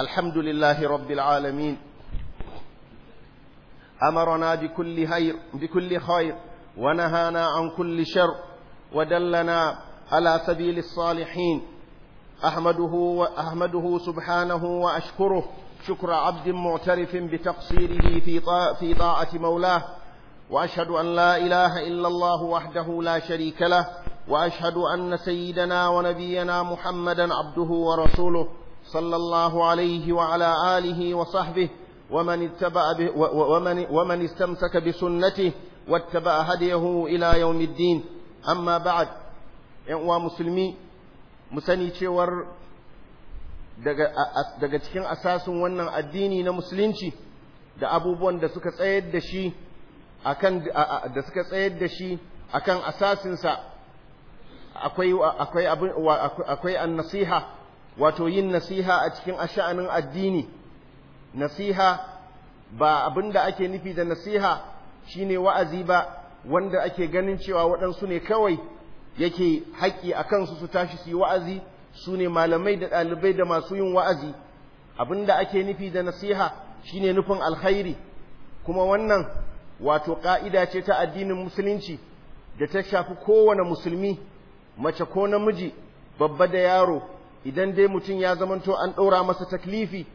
الحمد لله رب العالمين أمرنا بكل خير بكل خير ونهانا عن كل شر ودلنا على سبيل الصالحين أحمده وأحمده سبحانه وأشكره شكر عبد معترف بتقصيره في في طاعة مولاه وأشهد أن لا إله إلا الله وحده لا شريك له وأشهد أن سيدنا ونبينا محمدا عبده ورسوله صلى الله عليه وعلى آله وصحبه ومن, اتبع به ومن, ومن استمسك بسنته واتبع هديه إلى يوم الدين أما بعد ‘yan'uwa musulmi mu sani cewar daga cikin asasin wannan addini na musulunci da abubuwan da suka tsayar da shi akan da suka tsayar da shi akan asasinsa akwai akwai akwai an-nasiha wato yin nasiha a cikin asha'anin addini nasiha ba abin da ake nufi da nasiha shine wa'azi ba wanda ake ganin cewa waɗansu ne kawai yake haƙƙi a kansu su tashi su yi wa'azi su ne malamai da ɗalibai da masu yin wa'azi abin da ake nufi da nasiha shine nufin alkhairi kuma wannan wato ƙa'ida ce ta addinin musulunci da ta shafi kowane musulmi mace ko namiji babba da yaro idan dai mutum ya zamanto an ɗora masa taklifi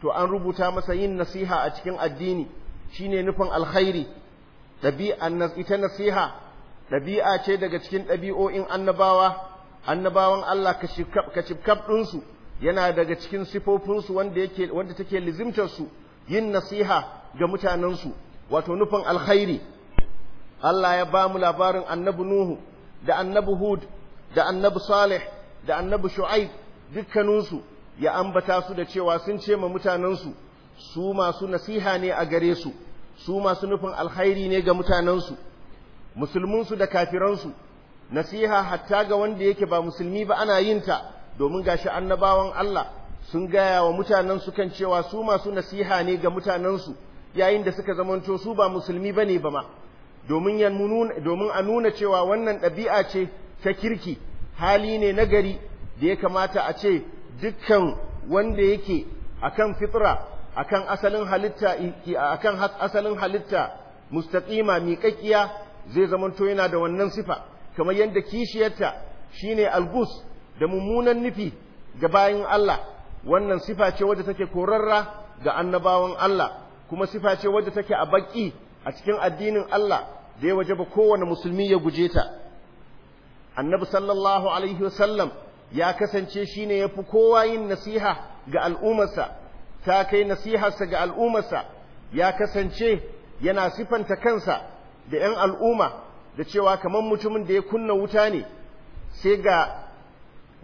to an rubuta masa yin nasiha a cikin addini shine nufin alkhairi ɗabi'a ita nasiha ɗabi'a ce daga cikin ɗabi'o'in annabawa annabawan Allah ka kashifkaf ɗinsu yana daga cikin sifofinsu wanda yake wanda take lizimtar yin nasiha ga mutanensu wato nufin alkhairi Allah ya ba mu labarin annabi Nuhu da annabi Hud da annabi Salih da annabi Shu'aib dukkaninsu ya ambata su da cewa sun ce ma mutanensu su masu nasiha ne a gare su su masu nufin alkhairi ne ga mutanensu musulminsu da kafiransu nasiha hatta ga wanda yake ba musulmi ba ana yin ta domin gashi annabawan Allah sun gaya wa mutanensu kan cewa su masu nasiha ne ga mutanensu yayin da suka zamanto su ba musulmi ba ne ba ma domin a nuna cewa wannan ɗabi'a ce ta kirki hali ne na gari da ya kamata a ce dukkan wanda yake akan fitra akan asalin halitta akan asalin halitta mustaƙima miƙaƙiya zai zamanto yana da wannan sifa kamar yadda kishiyarta shine algus da mummunan nufi ga bayan Allah wannan sifa ce wadda take korarra ga annabawan Allah kuma sifa ce wadda take a baki a cikin addinin Allah da ya wajaba kowane musulmi ya guje ta annabi sallallahu alaihi wasallam ya kasance shi ne ya fi kowa yin nasiha ga al'ummarsa ta kai nasiharsa ga al'ummarsa ya kasance yana sifanta kansa da 'yan al'umma da cewa kamar mutumin da ya kunna wuta ne sai ga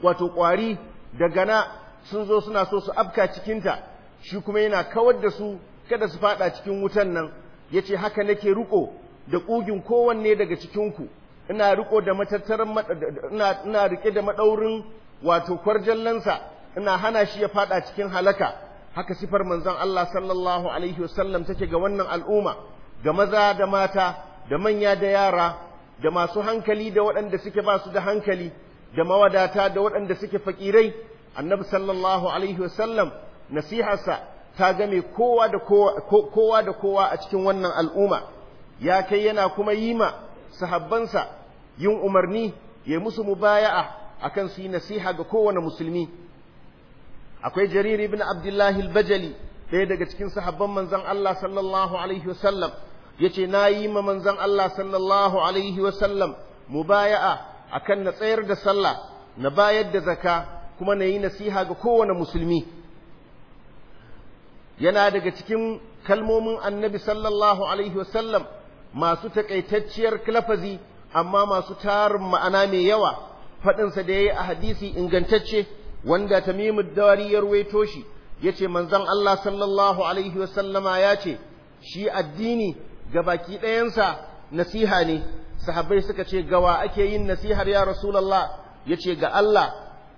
wato ƙwari da gana sun zo suna so su afka cikinta shi kuma yana kawar da su kada su fada cikin wutan nan ya ce haka nake riko da ƙugin kowanne daga cikinku ina riko da matattaran ina ina rike da madaurin wato kwarjallansa ina hana shi ya fada cikin halaka haka sifar manzon Allah sallallahu alaihi wasallam take ga wannan al'umma ga maza da mata da manya da yara da masu hankali da waɗanda suke ba su da hankali da mawadata da waɗanda suke fakirai annabi sallallahu alaihi wasallam nasiharsa ta game kowa da kowa da kowa a cikin wannan al'umma ya kai yana kuma yi ma sahabbansa yin umarni ya musu mubaya'a akan su yi nasiha ga kowane musulmi akwai jarir ibn abdullahi al-bajali ɗaya daga cikin sahabban manzon Allah sallallahu alaihi wasallam yace na yi ma Manzan Allah sallallahu alaihi wasallam mubaya'a akan na tsayar da sallah na bayar da zaka kuma na yi nasiha ga kowane musulmi yana daga cikin kalmomin annabi sallallahu alaihi wasallam masu takaitacciyar lafazi amma masu tarin ma'ana mai yawa faɗinsa da ya yi a hadisi ingantacce wanda tamimu dawari ya ruwaito shi ya ce manzan Allah sallallahu alaihi wasallama ya ce shi addini ga baki ɗayansa nasiha ne Sahabai suka ce gawa ake yin nasihar ya rasulallah ya ce ga Allah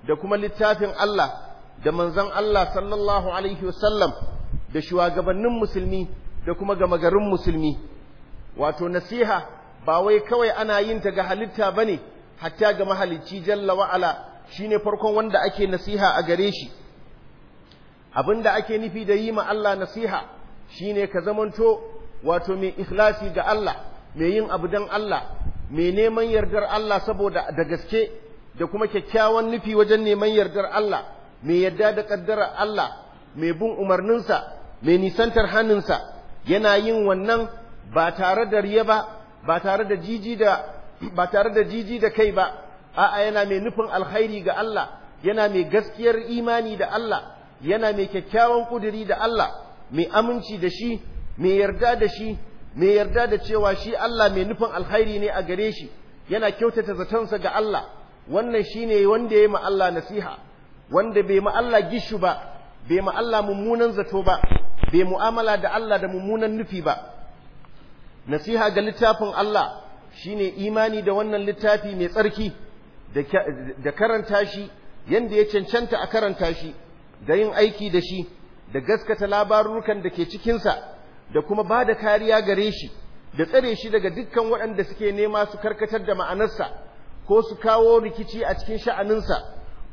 da kuma littafin Allah da manzan Allah sallallahu alaihi wasallam da shugabannin musulmi da kuma gama garin musulmi wato nasiha ba wai kawai ana yin ta ga halitta ba ne, hatta ga mahalicci jalla wa'ala, shi ne farkon wanda ake nasiha a gare shi abin da ake nufi da yi ma Allah nasiha ne ka zamanto wato mai ikhlasi ga Allah mai yin abu don Allah mai neman yardar Allah saboda da gaske da kuma kyakkyawan nufi wajen neman yardar Allah mai yarda da kaddarar Allah mai bin umarninsa mai nisantar hannunsa yana yin wannan ba tare da riya ba ba tare da jiji da kai ba a'a yana mai nufin alkhairi ga Allah yana mai gaskiyar imani da Allah yana mai kyakkyawan kuduri da Allah mai aminci da shi mai yarda da shi mai yarda da cewa shi Allah mai nufin alkhairi ne a gare shi yana kyautata zatonsa ga Allah wannan shine wanda ya ma Allah nasiha wanda bai ma Allah gishu ba bai ma Allah mummunan zato ba bai mu'amala da Allah da mummunan nufi ba nasiha ga littafin Allah shine imani da wannan littafi mai tsarki da karanta shi yanda ya cancanta a karanta shi da yin aiki da shi da gaskata labarurkan da ke cikinsa da kuma ba da kariya gare shi da tsare shi daga dukkan waɗanda suke nema su karkatar da ma'anarsa ko su kawo rikici a cikin sha'aninsa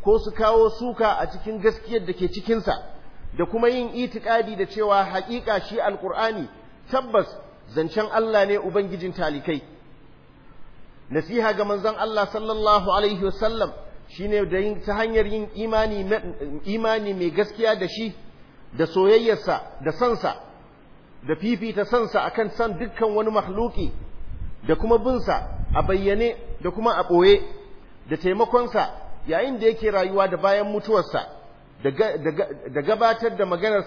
ko su kawo suka a cikin gaskiyar da ke cikinsa da kuma yin itikadi da cewa haƙiƙa shi alƙur'ani tabbas zancen Allah ne ubangijin talikai nasiha ga manzon Allah sallallahu alaihi wasallam shine da yin ta hanyar yin imani mai gaskiya da shi da soyayyarsa da sansa da fifita sansa akan san dukkan wani mahluki da kuma binsa a bayyane da kuma a ɓoye da taimakonsa yayin da yake rayuwa da bayan mutuwarsa da gabatar da maganar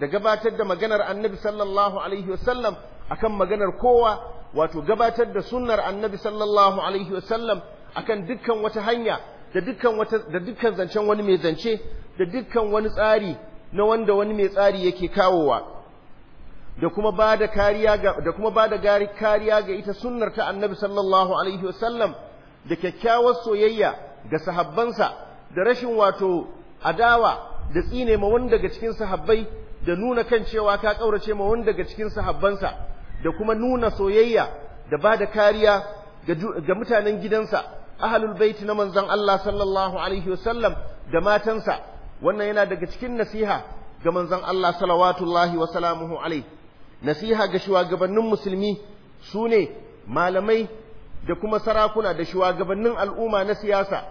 da gabatar da maganar annabi sallallahu alaihi wasallam akan maganar kowa wato gabatar da sunnar annabi sallallahu alaihi wasallam akan dukkan wata hanya da dukkan wata da dukkan zancen wani mai zance da dukkan wani tsari na wanda wani mai tsari yake kawowa da kuma ba da kariya ga da kuma ba da kariya ga ita sunnar ta annabi sallallahu alaihi wasallam da kyakkyawar soyayya ga sahabbansa da rashin wato adawa da tsine ma wanda daga cikin sahabbai da nuna kan cewa ka kaurace ma wanda daga cikin sahabbansa da kuma nuna soyayya da ba da kariya ga mutanen gidansa ahlul baiti na manzon Allah sallallahu alaihi wasallam da matansa wannan yana daga cikin nasiha ga manzon Allah salawatullahi wa salamuhu alaihi nasiha ga shugabannin musulmi sune malamai da kuma sarakuna da shugabannin al'umma na siyasa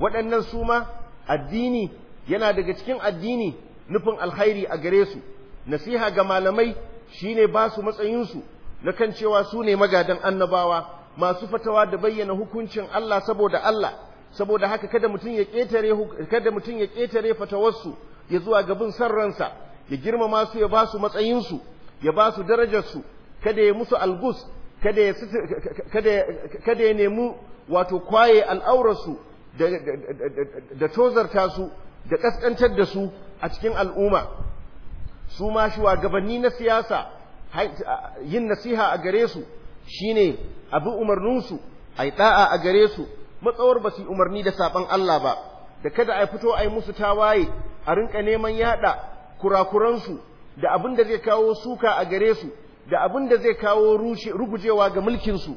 waɗannan su ma addini yana daga cikin addini nufin alkhairi a gare su nasiha ga malamai shine ba su matsayinsu na kan cewa su ne magadan annabawa masu fatawa da bayyana hukuncin Allah saboda Allah saboda haka kada mutum ya ketare kada mutum ya ketare fatawarsu ya zuwa gabin sarransa ya girmama su ya ba su matsayinsu ya ba su darajarsu kada ya musu algus kada ya kada kada ya nemi wato kwaye al'aurarsu da da tozarta su da kaskantar da su a cikin al'umma su ma gabanni na siyasa yin nasiha a gare su shi a bi umarninsu yi da'a a gare su matsawar ba su umarni da saɓon Allah ba da kada a fito a yi musu tawaye a rinka neman yada kurakuransu da abin da zai kawo suka a gare su da abin da zai kawo rugujewa ga mulkinsu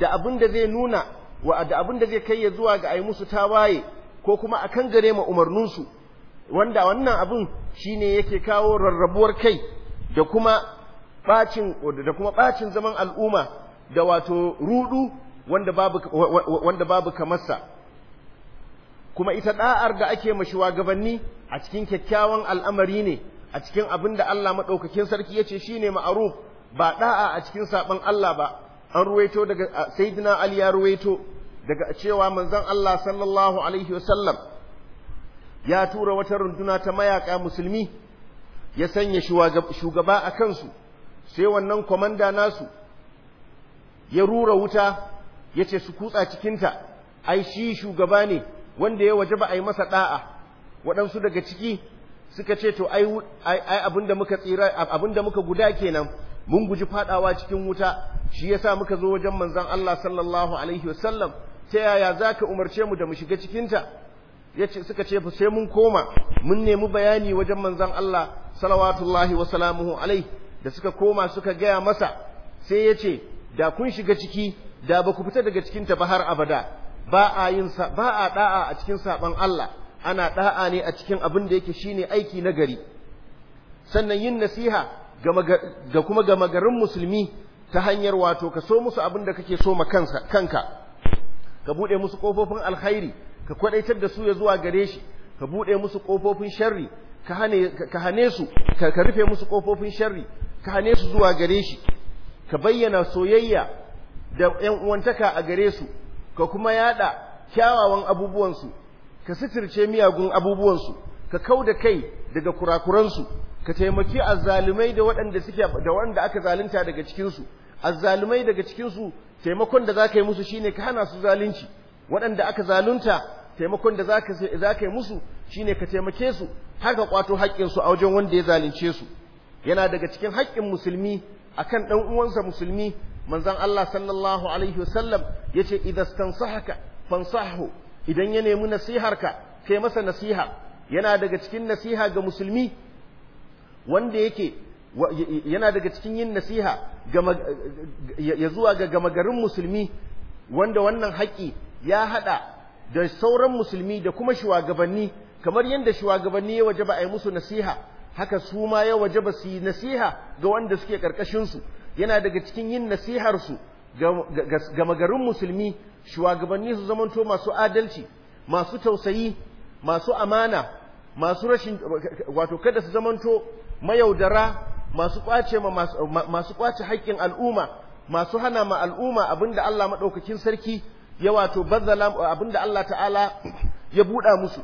da abin da zai nuna wa da abin da zai kai ya zuwa ga yi musu tawaye ko kuma a kan gare ma umarninsu wanda wannan abin shi ne yake kawo rarrabuwar kai da kuma bacin da kuma bacin zaman al'umma da wato rudu wanda babu wanda babu kamarsa kuma ita da'ar da ake ma shugabanni a cikin kyakkyawan al'amari ne a cikin abin da Allah madaukakin sarki yace shine ma'ruf ba da'a a cikin saban Allah ba an ruwaito daga sayyidina Ali ya ruwaito daga cewa manzon Allah sallallahu alaihi wasallam ya tura wata runduna ta mayaka musulmi ya sanya shugaba a kansu sai wannan kwamanda nasu ya rura wuta ya ce su kutsa cikinta ai shi shugaba ne wanda ya wajaba a yi masa ɗa'a waɗansu daga ciki suka ce to ai abinda muka tsira abinda muka guda kenan mun guji fadawa cikin wuta shi yasa muka zo wajen manzon Allah sallallahu alaihi wasallam ta yaya za ka umarce mu da mu shiga cikinta suka ce sai mun koma mun nemi bayani wajen manzan Allah salawatullahi wa salamuhu alaihi da suka koma suka gaya masa sai ya ce da kun shiga ciki da ba ku fita daga cikinta ba har abada ba a yin a da'a a cikin saban Allah ana da'a ne a cikin abin da yake shine aiki na gari sannan yin nasiha ga kuma ga magarin musulmi ta hanyar wato ka so musu abin da kake so ma kanka ka buɗe musu kofofin alkhairi ka kwaɗaitar da su ya zuwa gare shi ka buɗe musu ƙofofin sharri ka hane su ka rufe musu kofofin sharri ka hane su zuwa gare shi ka bayyana soyayya da ƴan uwantaka a gare su ka kuma yada kyawawan abubuwansu ka sitirce miyagun abubuwansu ka kau da kai daga kurakuransu ka taimaki azzalumai da waɗanda suke da waɗanda aka zalunta daga cikinsu azzalumai daga cikinsu taimakon da za ka yi musu shi ne ka hana su zalunci waɗanda aka zalunta taimakon da za ka yi musu shi ne ka taimake su har ka kwato haƙƙinsu a wajen wanda ya zalunce su yana daga cikin haƙƙin musulmi akan ɗan uwansa musulmi manzon Allah sallallahu alaihi wasallam yace idan ya nemi nasiharka kai masa nasiha yana daga cikin nasiha ga musulmi wanda yake yana daga cikin yin nasiha ya zuwa ga gama garin musulmi wanda wannan haƙi ya haɗa da sauran musulmi da kuma shugabanni kamar yadda shugabanni ya waje a yi musu nasiha haka su ma ya waje ba su yi nasiha ga wanda suke ƙarƙashinsu yana daga cikin yin nasiharsu gama garin musulmi shugabanni su zamanto masu adalci masu tausayi masu amana masu rashin wato kada su zamanto mayaudara masu kwace ma masu kwace haƙƙin al'umma masu hana ma al'umma abinda Allah madaukakin sarki ya wato bazzala abinda Allah ta'ala ya buɗa musu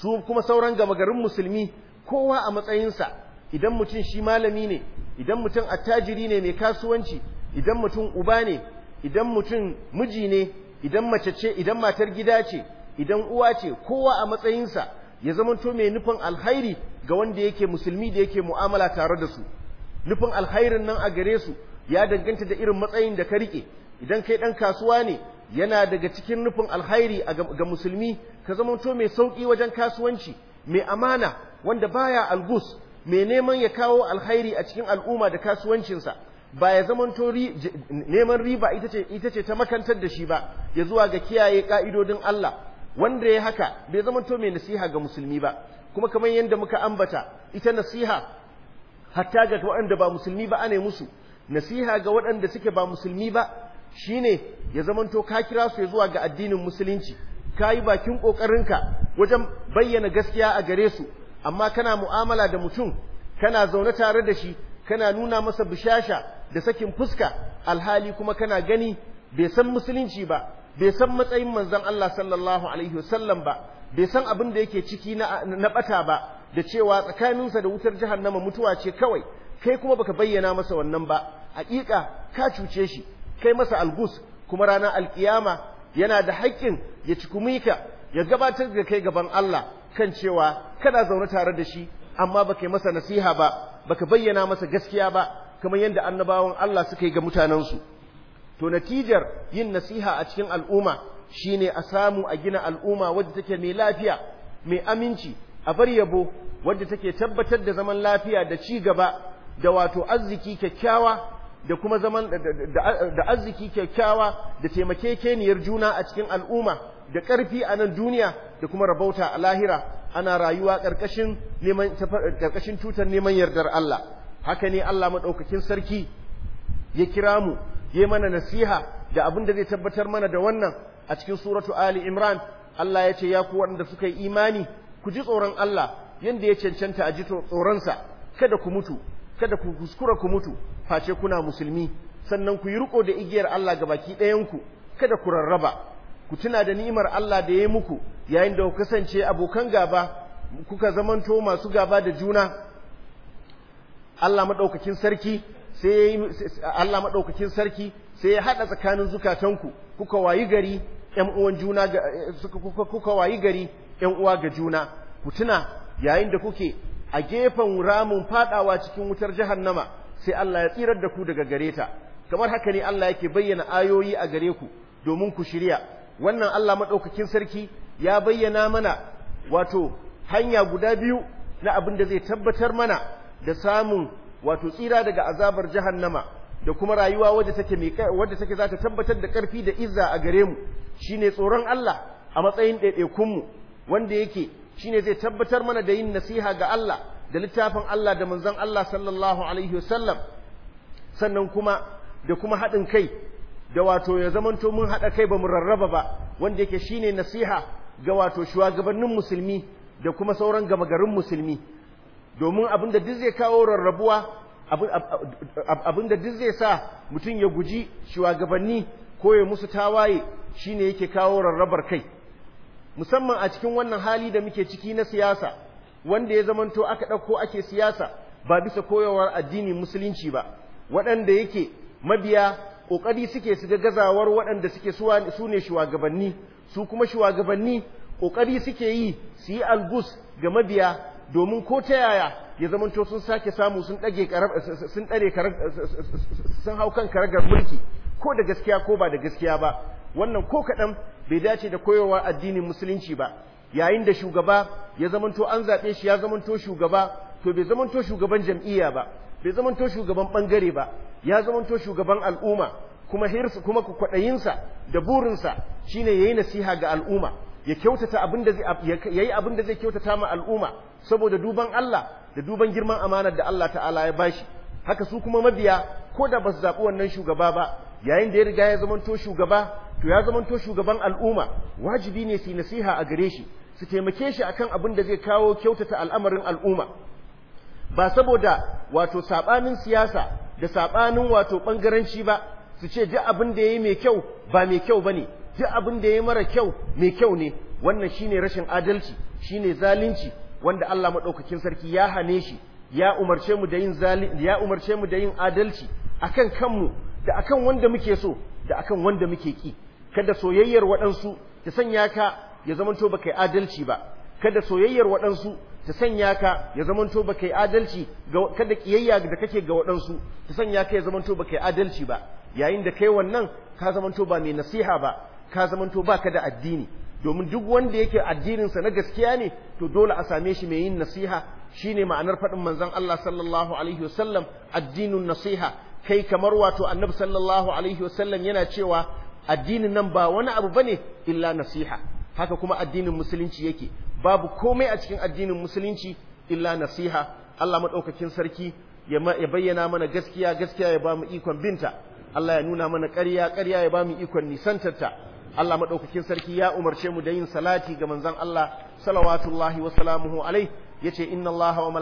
su kuma sauran gama garin musulmi kowa a matsayinsa idan mutum shi malami ne idan mutum attajiri ne mai kasuwanci idan mutum uba ne idan mutum miji ne idan mace ce idan matar gida ce idan uwa ce kowa a matsayinsa ya zamanto mai nufin alhairi ga wanda yake musulmi da yake mu'amala tare da su nufin alkhairin nan a gare su ya danganta da irin matsayin da ka rike idan kai dan kasuwa ne yana daga cikin nufin alkhairi ga musulmi ka zamanto mai sauki wajen kasuwanci mai amana wanda baya algus mai neman ya kawo alkhairi a cikin al'umma da kasuwancinsa ba ya zamanto neman riba ita ce ta makantar da shi ba ya zuwa ga kiyaye ka'idodin Allah wanda ya haka bai zamanto mai nasiha ga musulmi ba kuma kamar yadda muka ambata ita nasiha hatta ga waɗanda ba musulmi ba ana musu nasiha ga waɗanda suke ba musulmi ba shine ya zamanto ka kira su zuwa ga addinin musulunci ka yi bakin ƙoƙarinka wajen bayyana gaskiya a gare su amma kana mu'amala da mutum kana zaune tare da shi kana nuna masa bishasha da sakin fuska alhali kuma kana gani bai san musulunci ba bai san matsayin manzon Allah sallallahu alaihi wasallam ba bai san abin da yake ciki na na bata ba da cewa tsakaninsa da wutar jahannama mutuwa ce kawai kai kuma baka bayyana masa wannan ba hakika ka cuce shi kai masa algus kuma ranar alkiyama yana da haƙƙin ya cikumi ka ya gabatar da kai gaban Allah kan cewa kana zaune tare da shi amma baka yi masa nasiha ba baka bayyana masa gaskiya ba kamar yadda annabawan Allah suka yi ga mutanensu to natijar yin nasiha a cikin al'umma shine a samu a gina al'umma wadda take mai lafiya mai aminci a bar yabo wadda take tabbatar da zaman lafiya da ci gaba da wato arziki kyakkyawa da kuma zaman da arziki kyakkyawa da taimakekeniyar juna a cikin al'umma da ƙarfi a nan duniya da kuma rabauta a lahira ana rayuwa ƙarƙashin neman ƙarƙashin tutar neman yardar Allah haka ne Allah madaukakin sarki ya kira mu yi mana nasiha da abin da zai tabbatar mana da wannan a cikin suratu Ali Imran Allah ya ce ya ku waɗanda suka yi imani ku ji tsoron Allah yanda ya cancanta a ji tsoronsa kada ku mutu kada ku kuskura ku mutu face kuna musulmi sannan ku yi riko da igiyar Allah ga baki ɗayanku kada ku rarraba ku tuna da ni'imar Allah da ya yi muku yayin da ku kasance abokan gaba kuka zamanto masu gaba da juna Allah madaukakin sarki sai ya yi Allah maɗaukakin sarki sai ya haɗa tsakanin zukatanku kuka wayi gari ‘yan uwan juna eh, kuka wayi gari ‘yan uwa ga juna ku tuna yayin da kuke a gefen ramin faɗawa cikin wutar nama sai Allah ya tsirar da ku daga gare ta kamar haka ne Allah yake bayyana ayoyi a gare ku domin ku shirya wannan Allah maɗaukakin sarki ya bayyana mana wato hanya guda biyu na abin da zai tabbatar mana da samun wato tsira daga azabar jahannama da kuma rayuwa wadda take wadda take za ta tabbatar da ƙarfi da izza a gare mu shine tsoron Allah a matsayin mu. wanda yake shine zai tabbatar mana da yin nasiha ga Allah da littafin Allah da manzon Allah sallallahu alaihi wasallam sannan kuma da kuma haɗin kai da wato ya zamanto mun haɗa kai ba mu rarraba ba wanda yake shine nasiha ga wato shugabannin musulmi da kuma sauran gama garin musulmi domin abin da duk zai kawo rarrabuwa abin da duk zai sa mutum ya guji shugabanni ko ya musu tawaye shine yake kawo rarrabar kai musamman a cikin wannan hali da muke ciki na siyasa wanda ya zamanto aka ɗauko ake siyasa ba bisa koyawar addini musulunci ba waɗanda yake mabiya ƙoƙari suke su ga gazawar waɗanda suke su ne shugabanni su kuma shugabanni ƙoƙari suke yi su yi algus ga mabiya domin ko ta yaya ya zamanto sun sake samu sun ɗage sun ɗare hau kan karagar mulki ko da gaskiya ko ba da gaskiya ba wannan ko kaɗan bai dace da koyarwa addinin musulunci ba yayin da shugaba ya zamanto an zaɓe shi ya zamanto shugaba to bai zamanto shugaban jam'iyya ba bai zamanto shugaban ɓangare ba ya zamanto shugaban al'umma kuma hirsu kuma kwaɗayinsa da burinsa shine yayi nasiha ga al'umma ya kyautata abin da yayi abin da zai kyautata ma al'umma saboda duban Allah da duban girman amanar da Allah ta'ala ya bashi haka su kuma mabiya ko da ba su zaɓi wannan shugaba ba yayin da ya riga ya zamanto shugaba to ya zamanto shugaban al'umma wajibi ne su nasiha a gare shi su taimake shi akan abin da zai kawo kyautata al'amarin al'umma ba saboda wato sabanin siyasa da saɓanin wato bangaranci ba su ce ji abin da ya yi mai kyau ba mai kyau ba ne. duk abin da ya mara kyau mai kyau ne wannan shine rashin adalci shine zalunci wanda Allah madaukakin sarki ya hane shi ya umarce mu da yin ya umarce mu da yin adalci akan kanmu da akan wanda muke so da akan wanda muke ki kada soyayyar waɗansu ta sanya ka ya zamanto baka yi adalci ba kada soyayyar waɗansu ta sanya ka ya zamanto baka yi adalci kada kiyayya da kake ga waɗansu ta sanya ka ya zamanto baka yi adalci ba yayin da kai wannan ka zamanto ba mai nasiha ba ka zamanto ka da addini domin duk wanda yake addininsa na gaskiya ne to dole a same shi mai yin nasiha shine ma'anar faɗin manzon Allah sallallahu alaihi wasallam addinun nasiha kai kamar wato annabi sallallahu alaihi wasallam yana cewa addinin nan ba wani abu bane illa nasiha haka kuma addinin musulunci yake babu komai a cikin addinin musulunci illa nasiha Allah madaukakin sarki ya bayyana mana gaskiya gaskiya ya ba mu ikon binta Allah ya nuna mana ƙarya ƙarya ya ba mu ikon nisantarta Allah madaukakin sarki ya umarce mu da yin salati ga manzon Allah salawatullahi wa salamuhu alaihi yace inna Allah